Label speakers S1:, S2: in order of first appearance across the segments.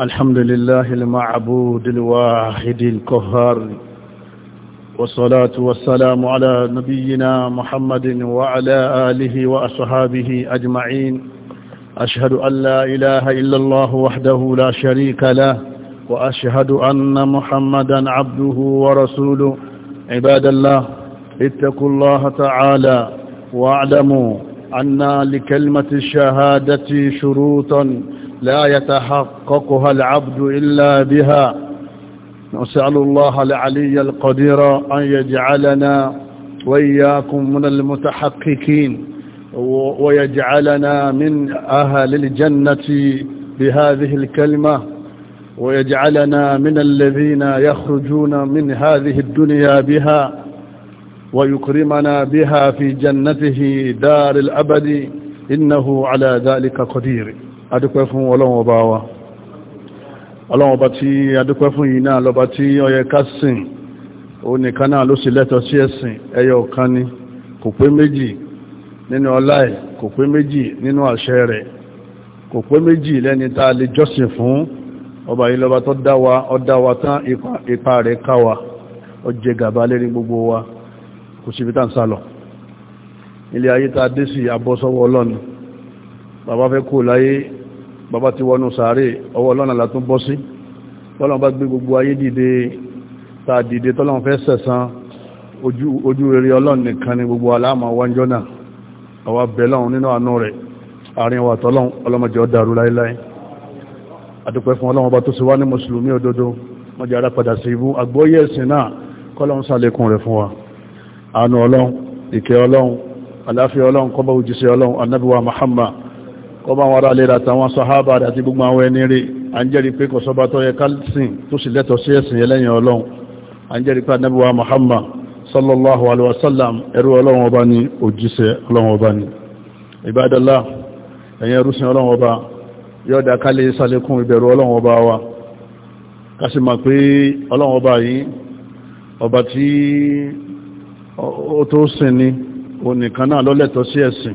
S1: الحمد لله المعبود الواحد الكهار والصلاة والسلام على نبينا محمد وعلى آله وأصحابه أجمعين أشهد أن لا إله إلا الله وحده لا شريك له وأشهد أن محمدا عبده ورسوله عباد الله اتقوا الله تعالى واعلموا أن لكلمة الشهادة شروطا لا يتحققها العبد إلا بها نسأل الله العلي القدير أن يجعلنا وإياكم من المتحققين ويجعلنا من أهل الجنة بهذه الكلمة ويجعلنا من الذين يخرجون من هذه الدنيا بها ويكرمنا بها في جنته دار الأبد إنه على ذلك قدير adúpẹ́ fún ọlọ́run ọba wa ọlọ́run ọba tí adúpẹ́ fún yìí náà lọ́ba tí ó yẹ ká sìn ó nìkan náà ló sì lẹ́tọ̀ sí ẹ̀sìn ẹyọ ọ̀kan ni kò pé méjì nínú ọlá kò pé méjì nínú àṣẹ rẹ̀ kò pé méjì lẹ́ni tá a lè jọ́sìn fún ọba yìí lọ́ba tó dá wa ó dá wa tán ipa rẹ̀ ká wa ó jẹ gàba lérí gbogbo wa kò síbi tá ń ilé ayé tá a dé sí abọ́sọ́wọ́ ọlọ́ni bàbá fẹ́ kú láyé bàbá ti wọnú sàárè ọwọ́ ọlọ́nà látún bọ́ sí tọ́lọ́n bá gbé gbogbo ayé dìde ta dìde tọ́lọ́n fẹ́ sẹ̀san ojú rere ọlọ́n nìkan ni gbogbo aláàmà wájọ́ náà àwa bẹ̀lọ́n nínú àánú rẹ̀ àárín wa tọ́lọ́n ọlọ́mọjọ́ dàrú láíláí àdúpẹ́ fún ọlọ́wọ́n bá tó sì wá ní mùsùlùmí òdodo wọ́n jẹ́ arápadà sí ibú àgbóyé ẹ̀sìn náà kọ́lọ́n sàlékún rẹ̀ fún Muhammad kó bá wọn aráalé rà tàwọn sàhábà àti gbogbo àwọn ẹni rí à ń jẹ́rìí pé kò sọ́ba tó yẹ kálísìn tó sì lẹ́tọ̀ọ́ sí ẹ̀sìn ẹlẹ́yìn ọlọ́run à ń jẹ́rìí pé anábíwá Muhammad sallallahu alaihi wasallam ẹrú ọlọ́run ọba ní òjíṣẹ́ ọlọ́run ọba ní ìbádọ́lá ẹ̀yẹn rúsìn ọlọ́run ọba yọ́dá kálẹ̀ sálẹ́kún ìbẹ̀rù ọlọ́run ọba wa kásì ma pé ọlọ́run ọba yìí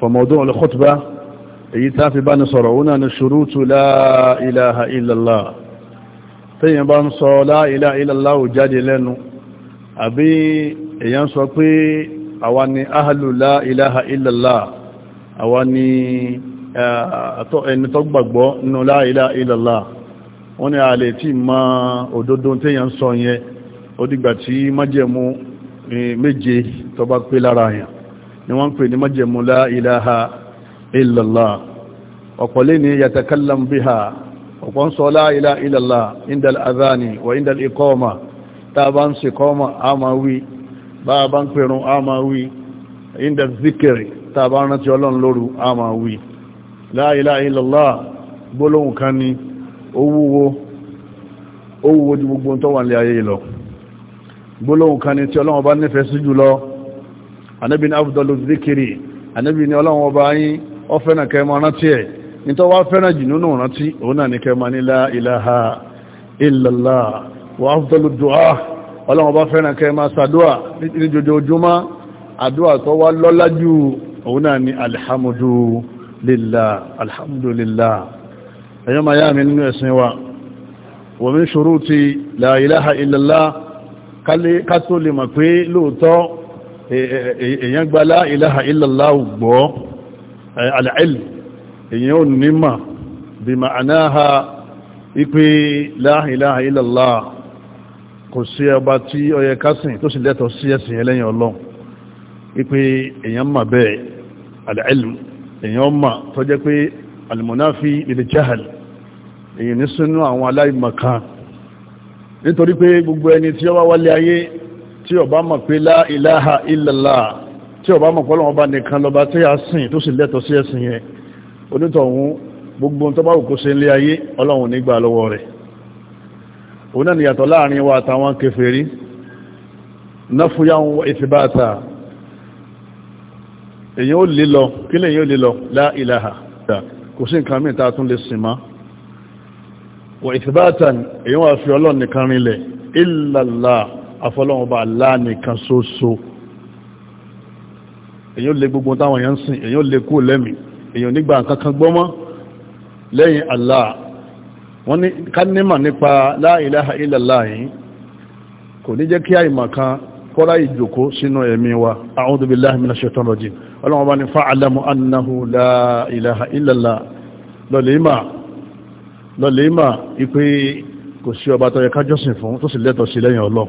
S1: فموضوع الخطبة إيتاف بان صرعون أن الشروط لا إله إلا الله تيين بان صرع لا إله إلا الله جادي لنو أبي ينصقي أواني أهل لا إله إلا الله أواني ẹni tó gbàgbọ́ nínú la ilaha illallah wọ́n ni a lè tí ma òdodo tí yẹn ń sọ yẹn ó dìgbà tí májẹ̀mú méje tó pé lára yẹn ni wọ́n ń pè ní májẹ̀mú la ilaha illallah ọ̀pọ̀ lè ní yatakallam biha ọ̀pọ̀ ń sọ la ilaha illallah indal azani wa indal ikoma tá a bá ń sekọ́mà a máa wí bá a bá ń pèrún a máa wí indal zikiri tá a bá rántí ọlọ́run lóru a máa wí gbólóhùn kan ni owúwo anábì ní afdalu zikiri anábì ní ọlọ́run ọba yín ọ fẹ́ràn kẹmọ rántí ẹ̀ nítorí wá fẹ́ràn jù nínú rántí òun náà ní kẹmọ ní la ilaha illallah wa afdalu du'a ọlọ́run ọba fẹ́ràn kẹmọ sàdúà ní jojoojúmọ́ àdúà tó wá lọ́lá jù òun náà ní alhamdulillah èyàn gba la ilaha illallah gbọ́ al-ilm èyàn ò nímà bí ma'anáha ipé la ilaha illallah kò sí ọba tí ó yẹ ká sìn tó sì lẹ́tọ̀ sí ẹ̀sìn ẹlẹ́yìn ọlọ́run ipé èyàn mà bẹ́ẹ̀ al-ilm èyàn mà tó jẹ́ pé al-munafi lil èyàn ní sínú àwọn aláìmọ̀kan nítorí pé gbogbo ẹni tí ó wá wálé ayé tí ó bá mọ̀ pé la ilaha illallah tí ó bá mọ̀ pọ́lọ́wọ́ bá nìkan lọ́ba tí a sìn tó sì lẹ́tọ̀ sí ẹ̀sìn yẹn onítọ̀hún gbogbo tó bá òkú sí ilé ayé ọlọ́run nígbà lọ́wọ́ rẹ̀ òun náà nìyàtọ̀ láàrin afọlọ́wọ́n bá Allah nìkan ṣoṣo èyàn lè gbogbo táwọn èèyàn ń sìn èyàn lè kú lẹ́mì èyàn nígbà kankan gbọ́mọ́ lẹ́yìn Allah wọ́n ní kánímà nípa la ilaha illallah yìí kò ní jẹ́ kí àìmà kan kọ́rá ìjòkó sínú ẹ̀mí wa kò sí ọba tó yẹ fún tó sì lẹ́tọ̀ sí lẹ́yìn Ọlọ́run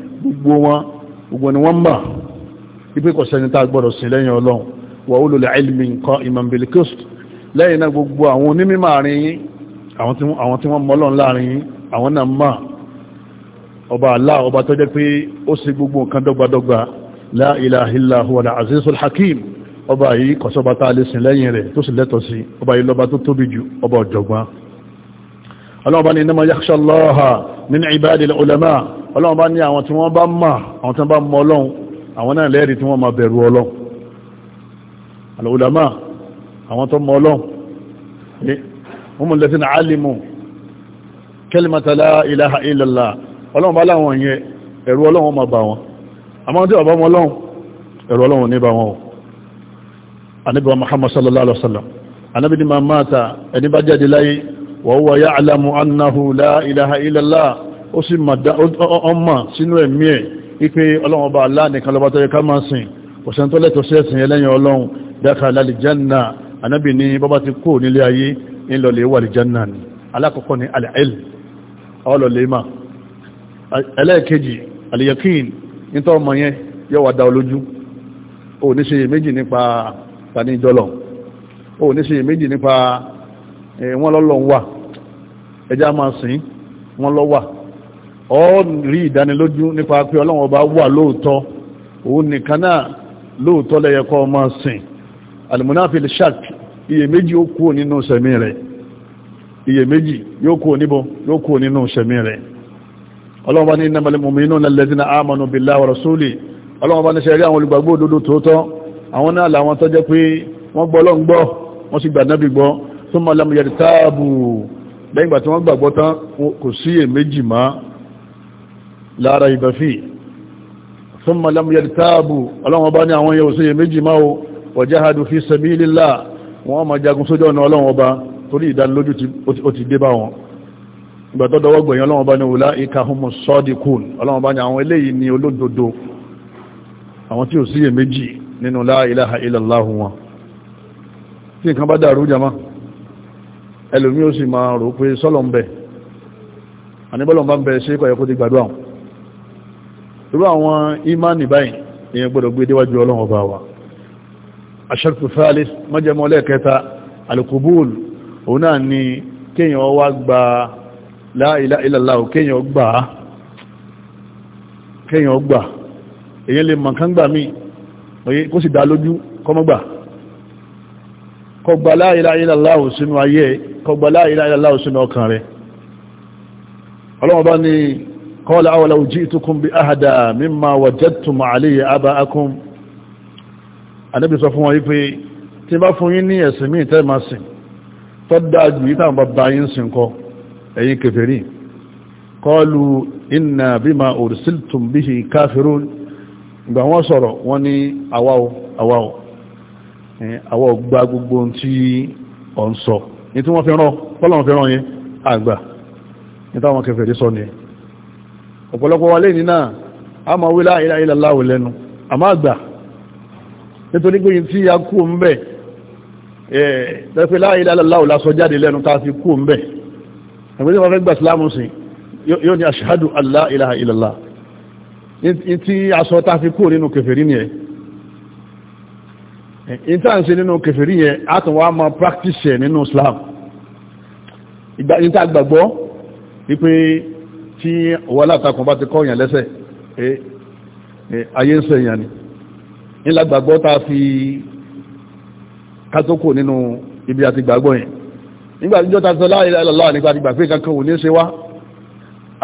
S1: gbogbo wọn gbogbo ni wọ́n mọ̀ wípé kò sẹ́ni tá gbọ́dọ̀ sí lẹ́yìn ọlọ́run wà ó lòlẹ̀ ilmi nǹkan imambil coast lẹ́yìn náà gbogbo àwọn onímọ̀ àárín yín àwọn tí wọ́n mọ̀ láàrin àwọn náà mọ̀ ọba Allah ọba tó jẹ́ pé ó sì gbogbo nǹkan dọ́gbadọ́gba la ọlọ́run bá ní innama yakhsha Allaha min ibadil ulama ọlọ́run bá ní àwọn tí wọ́n bá mọ̀ àwọn tí wọ́n bá mọ̀ ọlọ́run àwọn náà lẹ́rìí tí wọ́n máa bẹ̀rù ọlọ́run al-ulama àwọn tó mọ̀ ọlọ́run humul ladhina alimu kalimata la ilaha illallah ọlọ́run bá láwọn yẹn ẹ̀rù ọlọ́run máa bá wọn àmọ́ tí ọ̀bá mọ̀ ọlọ́run ẹ̀rù ọlọ́run ní wa Muhammad sallallahu alaihi wasallam anábì ni máa máa ta ẹni bá jáde wọ́wọ́ yá alamu annahu la ilaha illallah ó sì ọmọ sínú ẹ̀mí ẹ̀ ipé ọlọ́run ọba Allah nìkan lọ́bá tọ́yẹ ká máa sìn ọ̀sẹ̀ tó lẹ́tọ̀ sí ẹ̀sìn ẹlẹ́yìn ọlọ́run dáka lálìjánà anábì ní bọ́bá ti kó nílé ayé ńlọlẹ̀ wà ni alákọ̀ọ́kọ́ ni alẹ́l wọ́n lọ́lọ́ wà ẹjá máa sìn wọ́n lọ́ wà ọ rí ìdánilójú nípa pé ọlọ́wọ́n bá wà lóòótọ́ òun nìkan náà lóòótọ́ lẹ́yẹ kó máa sìn alimunafil shak iyèméjì ó kúrò nínú sẹ̀mí rẹ̀ iyèméjì yóò kúrò níbo yóò kúrò nínú sẹ̀mí rẹ̀ ọlọ́wọ́n bá ní innamal mu'minuna allazina amanu billahi wa rasulihi ọlọ́wọ́n bá ní sẹ́rí àwọn olùgbàgbọ́ òdodo tòótọ́ àwọn náà làwọn tó jẹ́ pé wọ́n gbọ́ Ọlọ́run gbọ́ wọ́n sì gbà nábì gbọ́ súnmọ́ lamuyẹ̀rì táàbù lẹ́yìnbà tí wọ́n gbàgbọ́ tán kò sí èméjì má lára ìbẹ̀fì súnmọ́ lamuyẹ̀rì táàbù ọlọ́wọ́n bá ní àwọn yẹ̀wò sí èméjì má o wajahadu fi sabilillah wọ́n ma jagun sójú ọ̀nà ọlọ́wọ́n bá torí ìdánilójú ó ti dé bá wọn tí nǹkan bá dàrú jama ẹlòmí ó sì máa rò pé sọ́lọ̀ ń bẹ àníbọ́lọ̀ bá ń bẹ ṣe kọ̀yẹ́ kó ti gbàdúrà wọn irú àwọn ìmánì báyìí èyàn gbọ́dọ̀ gbé déwájú ọlọ́run ọba wa alukubul òun ni kéèyàn wá la ilaha illallah kéèyàn gbà kéèyàn gbà èyàn lè mọ̀kán gbà mí kó sì dá lójú kọ́mọ́gbà kọgbà la ilaha illallahu sínú ayé kọgbà la ilaha illallahu sínú ọkàn rẹ̀ ọlọ́wọ́ bá ní qala aw law ji'tukum bi ahada mimma wajadtum alayhi aba'akum Ànábì sọ fún wọn wípé tí bá fún yín ní ẹ̀sìn míì Eh, àwọ̀ gba gbogbo tí ọ̀ ń sọ ní tí wọ́n fẹ́ràn pọ́lọ̀wọ́n fẹ́ràn yẹn àgbà ní táwọn kẹfẹ̀ẹ́ sọ ní ọ̀pọ̀lọpọ̀ wa lẹ́ni náà a máa wí la ilaha illallah lẹ́nu àmá àgbà nítorí pé tí a kú ń bẹ̀ ẹ̀ẹ́dẹ́fẹ́ eh, la ilaha illallah lásọ jáde lẹ́nu a fi kú ń bẹ̀ ẹgbẹ́ tí wọ́n fẹ́ gbà sílámù sí yóò ní ashhadu an la ilaha illallah ní tí a sọ tá a fi kú ìtànṣe nínú kèfèrí yẹn àtàwà máa practice nínú Islam ìta gbàgbọ́ wípé tí wọ́n látakùn bá ti kọ́ èèyàn lẹ́sẹ̀ ayé ń sẹ èèyàn ni nílá gbàgbọ́ ta fi kátókò nínú ibi àti gbàgbọ́ yẹn nígbàtí jọta sọ la ilaha illallah nígbàtí gbàgbé kankan ò ní ṣe wá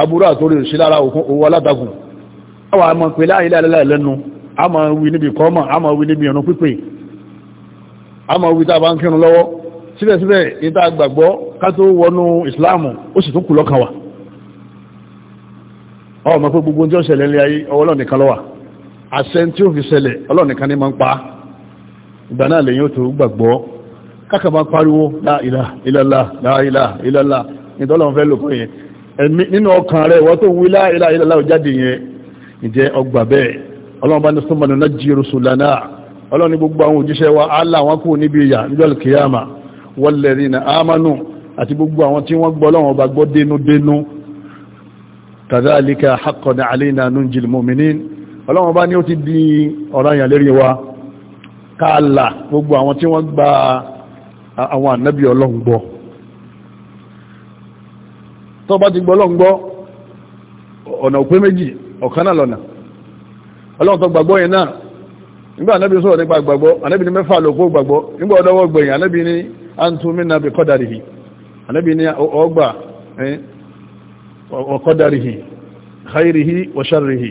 S1: aburú àtórí òṣì lára owó alátakùn àwọn àmọ́ pẹ̀lá la ilaha illallah lẹ́nu a máa wí níbi kọ́mọ̀ a máa wí níbi ọ̀nà pípẹ́ a máa wí tá a bá ń kírun lọ́wọ́ síbẹ̀síbẹ̀ ìta gbàgbọ́ ká tó wọnú ìsìláàmù ó sì kù wa ọ ma pé gbogbo tí ó ilé ayé ọwọ́ ọlọ́nìkan lọ́wà àṣẹ tí ó fi ṣẹlẹ̀ ọlọ́nìkan ní ma ń pa ìgbà náà lèyìn ó tó gbàgbọ́ pariwo láìlà ìlàlà ìlàlà ìdọ́lọ́n ọlọ́ni gbogbo àwọn òjíṣẹ́ wa Allah wọn kú níbi ìyà níjọ́ kìyàmà walladhina amanu àti gbogbo àwọn tí wọ́n gbọ́ lọ́wọ́ bá gbọ́ dénúdénú kadhalika haqqan alayna nunjil mu'minin ọlọ́wọ́n bá ní ó ti di ọ̀ranyàn lérí wa káàlà gbogbo àwọn tí wọ́n gba nígbà anábì sọ̀rọ̀ nípa gbàgbọ́ anábì ní mẹ́fà lòkó gbàgbọ́ nígbà ọdọ́wọ́ gbẹ̀yìn anábì ní antumina bi kọ́dàrìhì anábì ní ọgbà ọkọ́dàrìhì khairihi wọ́ṣàrìhì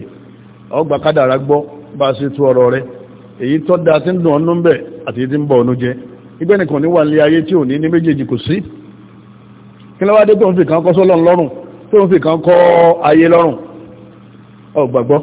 S1: ọgbà kádàrà gbọ́ bá sí tú ọ̀rọ̀ rẹ̀ èyí tọ́ da tí ń dùn ọ̀nú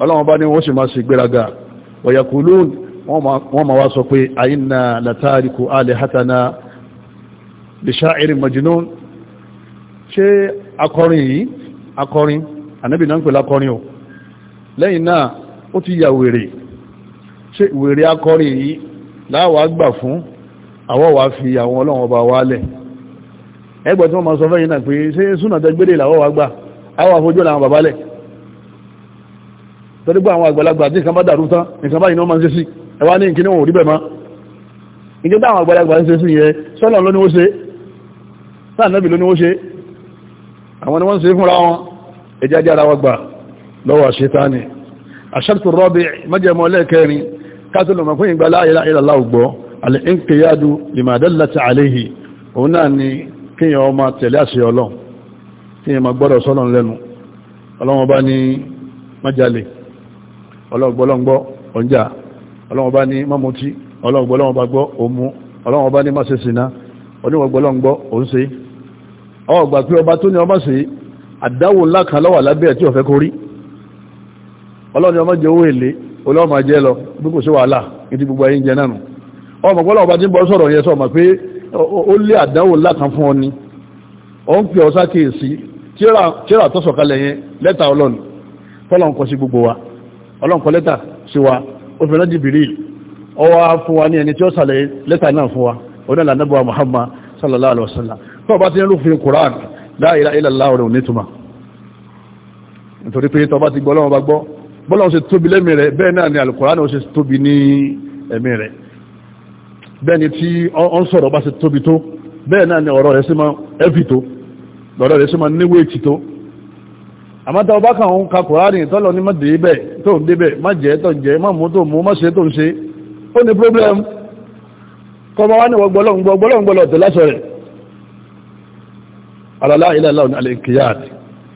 S1: ọlọ́wọ́n bá ní wọ́n sì máa ṣe gbéraga wọ̀yàkùlún wọ́n ma wá sọ pé àyínà látàríkù alihatana bisha'irin majnun ṣe akọrin yìí akọrin náà ń akọrin o lẹ́yìn náà ó ti yà wèrè ṣe wèrè akọrin yìí láwàá gbà fún àwọ́ fi àwọn ọlọ́wọ́n bá ẹgbẹ̀ tí wọ́n ma sọ fẹ́yìn náà pé ṣe súnà torí gbọ́ àwọn àgbàlagbà tí nǹkan bá dàrú tán nǹkan báyìí náà máa ń ṣe sí ẹwà ní nǹkan wọn ò rí bẹ̀ mọ́ ìjọ táwọn àgbàlagbà ń ṣe sí yẹ sọ́lọ̀ ló ní ó ṣe sáànàbì ló ní ó ṣe àwọn ni wọ́n ṣe fúnra wọn ẹjá jẹ́ wa gbà ọlọ́gbọ́lọ́gbọ́ ọjà ọlọ́wọ́n bá ní mọ́mọ́tí ọlọ́gbọ́lọ́wọ́n bá gbọ́ òmu ọlọ́wọ́n bá ní má ṣe sìnà oníwọ̀gbọ́lọ́gbọ́ òun ṣe ọgbà pé ọba tó ní ọmọ sí àdáwò ńlá kan lọ́wà lábẹ́ ẹ̀ tí ọ̀fẹ́ kórí ọlọ́ni ọmọ jẹ owó èlé olóòmà jẹ́ lọ bí kò sí wàhálà ìdí gbogbo ayé ń jẹ nánu ọmọ pọ́lọ́ ọba tí ń bọ́ sọ̀rọ̀ yẹn sọ̀mọ̀ pé ó lé àdáwò ńlá fún ọ ni ó ń pè ọ sákèèsí tíra tọ́sọ̀kalẹ̀ yẹn lẹ́tà ọlọ́ni tọ́lọ́ ń kọ sí gbogbo wa ọlọ́nkọ lẹ́tà sí wa ó fi rẹ́jì bìrì ọwọ́ fún wa ní ẹni tí ó sàlẹ̀ lẹ́tà náà fún wa oní Muhammad sallallahu alaihi wasallam tó bá ti ń Quran la ilaha illallah rẹ̀ onítùmá nítorí pé tó bá ti gbọ́ lọ́wọ́ bá gbọ́ náà ni al-Quran ó ṣe tóbi ni tí ọ ń sọ̀rọ̀ bá ni ọ̀rọ̀ rẹ̀ sí ma ẹ́fì tó lọ́rọ̀ rẹ̀ sí ma níwèé tì tó àmọ́ta ọba kan ń ka kòránì tọ́lọ ní má débẹ̀ tó ń débẹ̀ má jẹ́ tó ń jẹ́ má mú tó mú má ṣe tó ń ṣe ó ní problem kọmọ wá ní wọgbọ́lọ́gbọ́lọ́gbọ́lọ́ tó lásọ rẹ̀ alàlá ilẹ̀lá ní alẹ́kìyàtì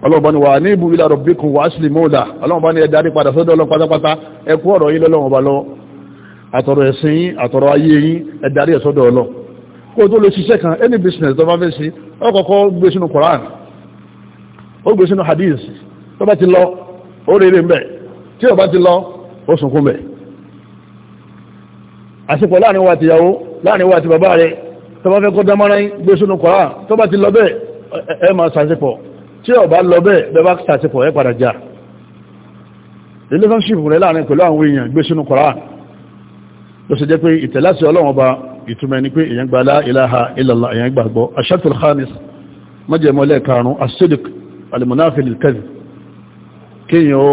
S1: ọlọ́ọ̀bá ni wà ní ibu ila rabbikum wà ásìlì mọ́ọ̀dà ọlọ́ọ̀bá ni ẹ̀dá nípadà sọ́dọ̀ ọlọ́ pátápátá ẹkú ọ̀rọ̀ yìí lọ́lọ́wọ̀ba lọ àtọ̀rọ̀ ẹ̀sìn yìí àtọ̀rọ̀ ayé yìí ẹ̀dá rí ẹ̀sọ́dọ̀ ọlọ́ kó tó any business tó bá fẹ́ sí ọkọ̀ọ̀kọ́ gbé sínú ó gbé sínú hadith tó bá ti lọ ó rere ń bẹ̀ tí ó bá ti lọ ó sunkún bẹ̀ àsìkò láàrin wa àti ìyàwó láàrin wa àti bàbá rẹ̀ tó bá fẹ́ kó dámọ́ra gbé sínú kọ̀rá tó bá ti lọ bẹ́ẹ̀ ẹ máa sàṣepọ̀ tí ó bá lọ bẹ́ẹ̀ bẹ́ẹ̀ bá sàṣepọ̀ ẹ padà já relationship rẹ̀ láàrin pẹ̀lú àwọn èèyàn gbé sínú kọ̀rá ló ṣe jẹ́ pé ìtẹ̀láṣẹ ọlọ́run ọba ìtumẹ̀ ni pé èèyàn gba la ilaha èèyàn gbàgbọ́ ash-shartul karùn-ún as alìmọ̀náfíìlì kẹ́lì kíyàn ó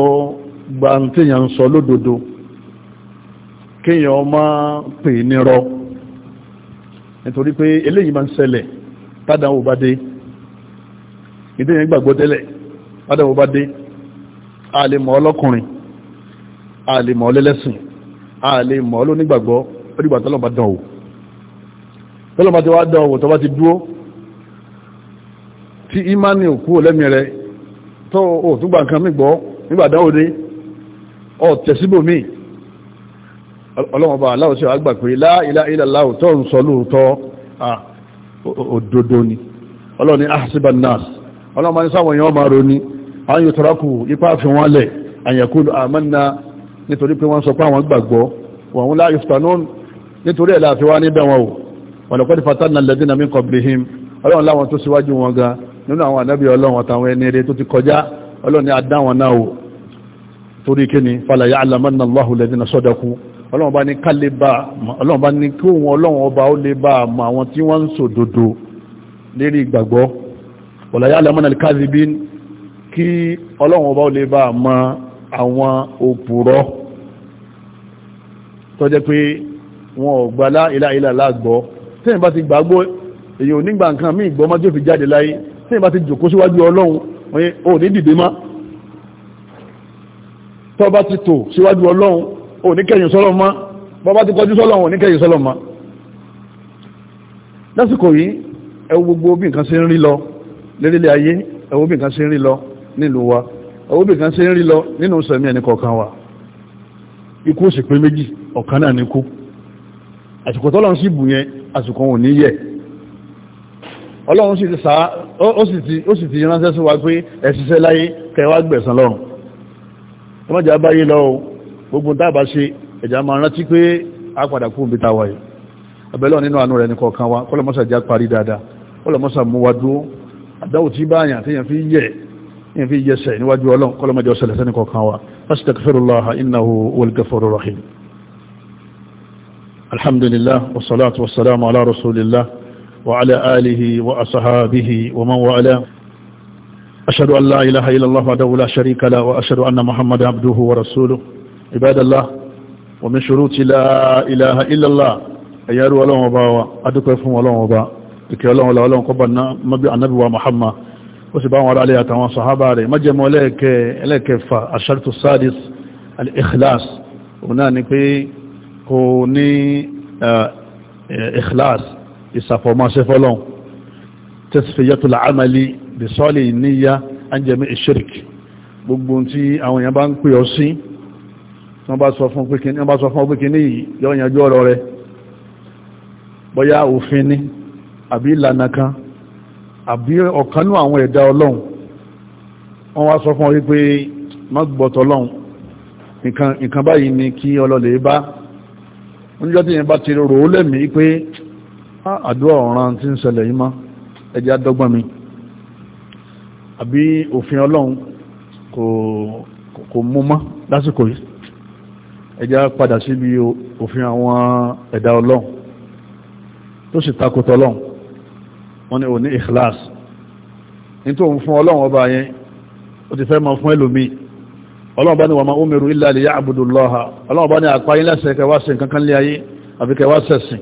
S1: gba tíyàn ń sọ lódodo kíyàn ó máa pè nírọ́ nítorí pé eléyìí máa ń ṣẹlẹ̀ tádàwò bá dé ìdíyàn gbàgbọ́ tẹ́lẹ̀ tádàwò bá dé àlèmọ̀ ọlọ́kùnrin àlèmọ̀ ọlẹ́lẹ́sìn àlèmọ̀ ọlónígbàgbọ́ ó dìgbà tọ́lọ́bà dánwò tọ́lọ́bà ti wá dánwò tọ́bá ti dúó tí imani òkú olẹ́mì rẹ tó o tún gbà nǹkan mi gbọ́ nígbàdá òde ọ tẹ̀síbòmí ọlọ́mọba aláwọ̀ sí àgbà pé láìlá ìlàláwò tó ń sọ lóòótọ́ òdodo ni ọlọ́ni ahasibannas ọlọ́mọ ní sáwọn èèyàn máa roni ayò tọ́rákù ipá fi wọ́n lẹ̀ àyẹ̀kúlù àmọ́nà nítorí pé wọ́n sọ pé àwọn gbàgbọ́ wọ́n láyò stanún nítorí ẹ̀lá àfiwá níbẹ̀ wọn ò wọ̀lọ̀kọ́ nínú àwọn ànábì ọlọ́run àtàwọn ẹni eré tó ti kọjá ọlọ́run ni a dá wọn náà wò torí kí ni fala ya'lamanna Allahu alladhina sadaqu ọlọ́run bá ní kálé bá ọlọ́run bá ní kí òun ọlọ́run ọba ó lè bá mọ àwọn tí wọ́n ń sòdodo lérí ìgbàgbọ́ wala ya'lamanna al-kadhibin kí ò nígbà nǹkan míì gbọ́ fi jáde láyé tí ìbá ti jòkó síwájú ọlọ́run ò ní dìde má tọ́ bá ti tò síwájú ọlọ́run ò ní kẹyìn sọ́lọ́ má bọ́ bá ti kọjú sọ́lọ́run ò ní kẹyìn sọ́lọ́ má lásìkò yìí ẹwọ gbogbo bí nǹkan ṣe ń rí lọ lérílẹ̀ ayé ẹwọ bí nǹkan ṣe ń rí lọ nílùú wa ẹwọ bí nǹkan ṣe ń rí lọ nínú sẹ̀mí ẹni kọ̀ọ̀kan wa ikú òsì pé méjì ọ̀kan náà ní kú àsìkò tọ́lọ́run sì bù yẹn àsìkò òun ní yẹ̀ ọlọ́run sì ti sá ó sì ti ránṣẹ́ sí wa pé ẹ̀ṣiṣẹ́ láyé kẹwàá gbẹ̀sán lọ́run ọmọjà báyé lọ gbogbo tábà ṣe ẹ̀jà máa rántí pé a padà kú òbí táwa yìí abẹ́lọ́ nínú àánú rẹ̀ nìkan kan wa kọ́lọ̀mọ́sà já parí dáadáa kọ́lọ̀mọ́sà mú wa dúró àdáwò tí báyàn tí yẹn fi yẹ yẹn fi yẹsẹ̀ níwájú ọlọ́run kọ́lọ̀mọ́jà ọ̀sẹ̀lẹ̀sẹ̀ وعلى آله وأصحابه ومن والاه أشهد أن لا إله إلا الله وحده لا شريك له وأشهد أن محمد عبده ورسوله عباد الله ومن شروط لا إله إلا الله أيارو ألوم وباوا أدوك يفهم ألوم وبا إكي ألوم ولا ألوم قبلنا مبيع النبي ومحمد وسبعهم على عليها تمام صحابة عليه مجم وليك إليك فالشرط السادس الإخلاص ونانك كوني إخلاص ìsàfọ̀mọ́sẹ́ fọ́lọ́n tasfiyatul amali bi sọ́lì níyà an jami'i shirk gbogbo tí àwọn èèyàn bá ń pè ọ sí wọ́n bá sọ fún pínkì ní yọ́nyànjú ọ̀rọ̀ rẹ̀ bọ́yá òfin ní àbí ìlànà kan àbí ọ̀kanú àwọn ẹ̀dá ọlọ́run wọ́n wá sọ fún orí pé má gbọ́tọ̀ nǹkan báyìí ni kí ọlọ́lẹ̀ bá oníjọ́ tí yẹn bá ti rò ó lẹ́mìí pé àdúrà ọ̀ràn tí ń ṣẹlẹ̀ yìí má ẹjẹ́ àdọ́gbọ́n mi àbí òfin ọlọ́run kò mú mọ́ lásìkò yìí ẹjẹ́ padà síbi òfin àwọn ẹ̀dá ọlọ́run tó sì takòtò ọlọ́run wọ́n ní òní ikhlas nítorí fún ọlọ́run ọba yẹn ó ti fẹ́ máa fún ẹlòmíì ọlọ́run bá ní wà máa umiru illa liya'budu Allaha ọlọ́run bá ní àpáyín lẹ́sẹ̀ kẹwàá sí kankan kan lé ayé àbí sẹ̀sìn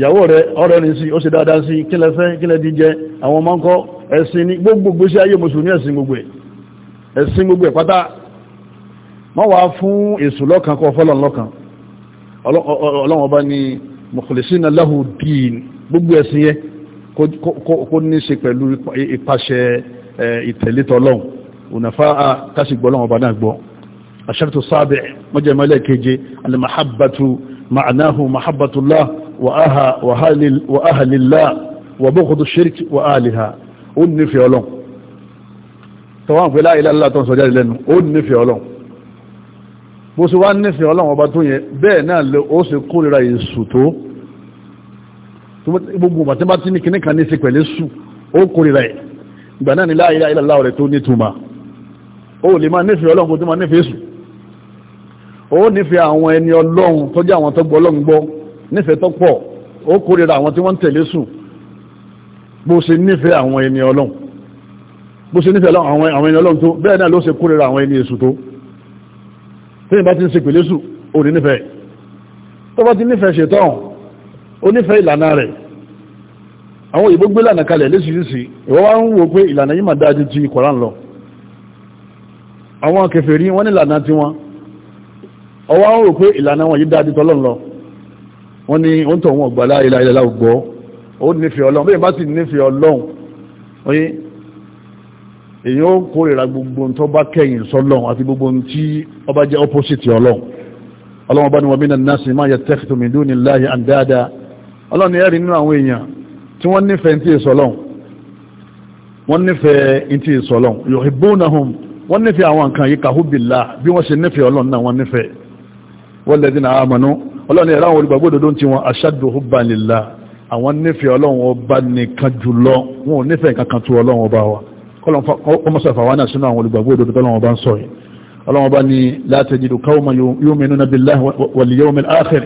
S1: ìyàwó rẹ̀ ọ̀rẹ́ ní sí ó ṣe dáadáa sí kílẹ̀fẹ́ kílẹ̀ díjẹ àwọn ọmọ ń kọ́ ẹ̀sìn ní gbogbo sí ayé mùsùlùmí ẹ̀sìn gbogbo ẹ̀ ẹ̀sìn gbogbo ẹ̀ pátá má wá fún èṣù lọ́kàn kọ́ fọ́lọ̀ lọ́kàn ọlọ́run ọba ni mukhlisina lahu din gbogbo ẹ̀sìn yẹ kó ní ṣe pẹ̀lú ìpàṣẹ mahabbatullah wa ahalilá wa bókòtò shirk wa aliha ó nífẹ̀ẹ́ ọlọ́n tọwọ́n pẹ̀lá ìlàlá tó ń sọjá ìlẹ́nu ó nífẹ̀ẹ́ ọlọ́n bó ṣe wá nífẹ̀ẹ́ ọlọ́n ọba tó yẹn bẹ́ẹ̀ náà lè ó sì kórìíra èsù tó gbogbo bàtí bá ti ní kíní kan ní sí pẹ̀lú sù ó kórìíra ẹ̀ ìgbà náà ni láìlá ìlàlá rẹ̀ tó nítumà nífẹ̀ẹ́ tó pọ̀ ó kórìíra àwọn tí wọ́n ń tẹ̀lé sùn bó ṣe nífẹ̀ẹ́ àwọn ẹni ọlọ́run bó ṣe nífẹ̀ẹ́ àwọn ẹni ọlọ́run tó bẹ́ẹ̀ náà ló ṣe kórìíra àwọn ẹni èṣù tó tí ìbá ti ń ṣe pẹ̀lẹ́ sùn ò ní nífẹ̀ẹ́ tó bá ti nífẹ̀ẹ́ ṣetán ó nífẹ̀ẹ́ ìlànà rẹ̀ àwọn òyìnbó gbé lànà kalẹ̀ lẹ́sìsì ìwọ́n wá ń wò pé ìlànà yìí máa dájú ti Kùránì lọ àwọn kèfèrí wọ́n ní ìlànà tiwọn ọwọ́ ń rò pé ìlànà wọn yìí dájú tọ́lọ́n lọ wọ́n ní ó ń tọ̀ wọn ọ̀gbà láìla ilẹ̀ láwùgbọ́ ó nífẹ̀ẹ́ ọlọ́run bẹ́ẹ̀ bá sì nífẹ̀ẹ́ ọlọ́run oye èyàn ó kórìíra gbogbo tó bá kẹ́yìn sọ́lọ́run àti gbogbo tí ó bá jẹ́ opposite ọlọ́run ọlọ́run bá ní wa minan nasi ma yattakhidhu min dunillahi andada ọlọ́run ni ẹ̀rí nínú àwọn èèyàn tí wọ́n nífẹ̀ẹ́ ntí ìsọ̀lọ́run wọ́n nífẹ̀ẹ́ ntí ìsọ̀lọ́run yuhibbunahum ọlọ́ni ẹ̀rọ àwọn olùgbàgbọ́dọ̀dọ́ ti wọn aṣáájú ọba nílá àwọn nífẹ̀ẹ́ ọlọ́run ọba nìkan jùlọ wọn ò nífẹ̀ẹ́ kankan tó ọlọ́run ọba wa kọmọsọ̀fà wà náà sínú àwọn olùgbàgbọ́dọ̀dọ́ tọ́lọ́run ọba ń sọ yìí ọlọ́run ọba ní la tajidu qawman yu'minuna billahi wal yawmil akhir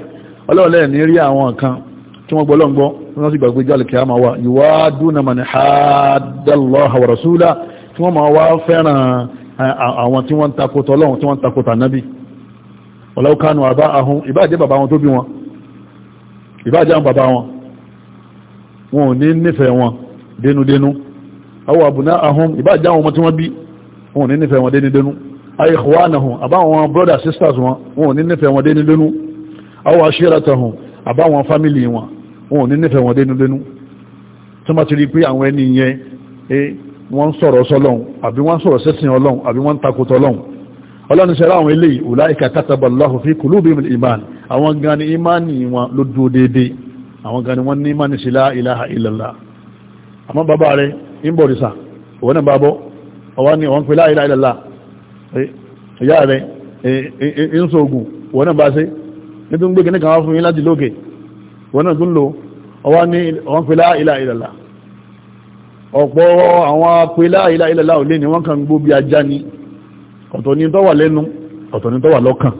S1: ọlọ́run lẹ́yìn ní rí àwọn kan tí wọ́n gbọ́lọ́ gbọ́ wọ́n sì gbàgbé jọ́ alìkìyàmà wa yuwaduna man haddallaha wa rasulahu tí wọ́n ọ̀lá kánú àbá ahun ìbájẹ́ bàbá wọn tó bí wọn ìbájẹ́ àwọn bàbá wọn wọn ò ní nífẹ̀ẹ́ wọn dénúdénú àwọn àbùná ahun ìbájẹ́ àwọn ọmọ tí wọ́n bí wọn ò ní nífẹ̀ẹ́ wọn dénúdénú ay ikhwanahum àbáwọn brother sisters wọn wọn ò ní nífẹ̀ẹ́ wọn dénúdénú àwọn ashiratahum àbáwọn family wọn wọn ò ní nífẹ̀ẹ́ wọn dénúdénú tó má ti rí pé àwọn ẹni yẹn eh, wọ́n ń sọ̀rọ̀ sọ́lọ́hun àbí wọ́n ń sọ̀rọ̀ sẹ́sìn ọlọ́hun àbí wọ́n ń takòtò ọlọ́hun ọlọ́run ṣe ráwọn eléyìí ulaika kataba Allahu fi qulubihimul iman àwọn gan ni imani wọn ló dúró déédéé àwọn gan ni wọ́n ní imani sí la ilaha illallah àmọ́ bàbá rẹ̀ ń bọ̀ rìsà òun náà bàbọ̀ ọwọ́ ni wọ́n pe la ilaha illallah ìyá rẹ̀ ń sọ̀gùn òun náà bá ṣe nítorí ń gbé kíní kan fún yín láti lókè òun náà tún ọwọ́ ni wọ́n pe la ilaha illallah ọ̀tọ̀ ni tọ́wà lẹ́nu ọ̀tọ̀ ni tọ́wà lọ́kàn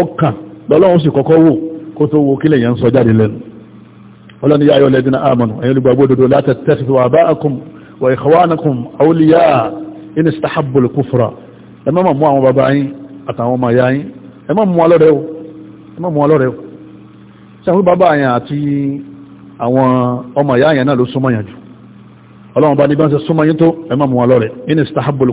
S1: ọkàn lọ́lọ́run sì kọ́kọ́ wò kó tó wo kílẹ̀ yẹn ń sọ jáde lẹ́nu ọlọ́ni yáyọ lẹ́dínà àmànù ẹ̀yìn olùgbàgbọ́ òdodo láti tẹ́sí wa bá akùn wa ìkọwánakùn àwòlíyà in istahabbul ṣe àwọn bàbá yẹn àti àwọn ọmọ ya yẹn náà ló súnmọ́ yẹn ọlọ́run bá ní bá ń ṣe súnmọ́ yín tó ẹ má mú ọlọ́rẹ́ in istahabbul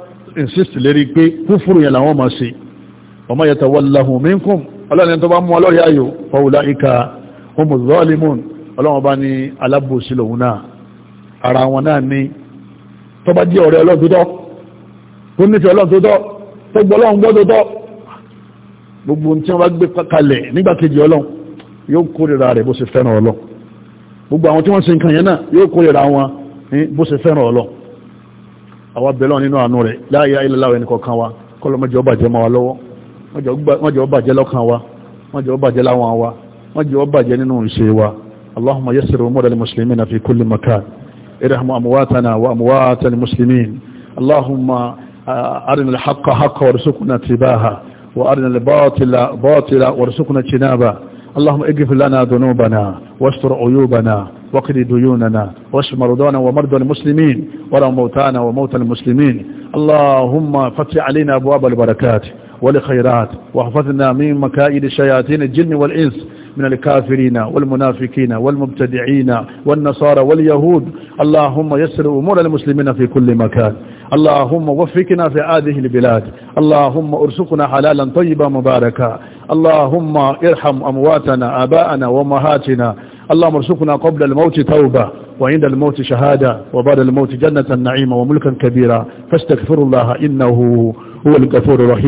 S1: insist lérí pé kúfùrù yẹn làwọn máa ṣe ọmọ yẹta wàláhùn minkum ọlọ́run tó bá mú ọlọ́rẹ̀ ayò fọwọ́lá ìka ọmọ zọ́ọ̀límùn ọlọ́run bá ní alábòsí lòun náà ara wọn náà ní tó bá jẹ́ ọ̀rẹ́ ọlọ́run tó tọ́ tó nífẹ̀ẹ́ ọlọ́run tó tọ́ tó gbọ́ ọlọ́run àwa bẹ̀lọ́ nínú àánú rẹ̀ la ilaha illallah ẹnì kọ̀ọ̀kan wa kọ́lọ́ mọ́jọ́ ó bàjẹ́ máa wa lọ́wọ́ mọ́jọ́ ó bàjẹ́ lọ́kàn wa mọ́jọ́ ó bàjẹ́ láwọn wa mọ́jọ́ ó bàjẹ́ nínú ìṣe wa اللهم يسر أمور المسلمين في كل مكان ارحم أمواتنا وأموات المسلمين اللهم أرنا الحق حقا وارزقنا اتباعه وأرنا الباطل باطلا وارزقنا اجتنابه اللهم اغفر لنا ذنوبنا واستر عيوبنا واقض ديوننا واشف مرضانا ومرضى المسلمين ولا موتانا وموتى المسلمين اللهم فتح علينا أبواب البركات والخيرات واحفظنا من مكائد شياطين الجن والإنس من الكافرين والمنافقين والمبتدعين والنصارى واليهود اللهم يسر أمور المسلمين في كل مكان اللهم وفقنا في هذه البلاد اللهم ارزقنا حلالا طيبا مباركا اللهم ارحم أمواتنا آباءنا ومهاتنا اللهم ارزقنا قبل الموت توبة وعند الموت شهادة وبعد الموت جنة نعيمة وملكا كبيرا فاستغفر الله إنه هو الغفور الرحيم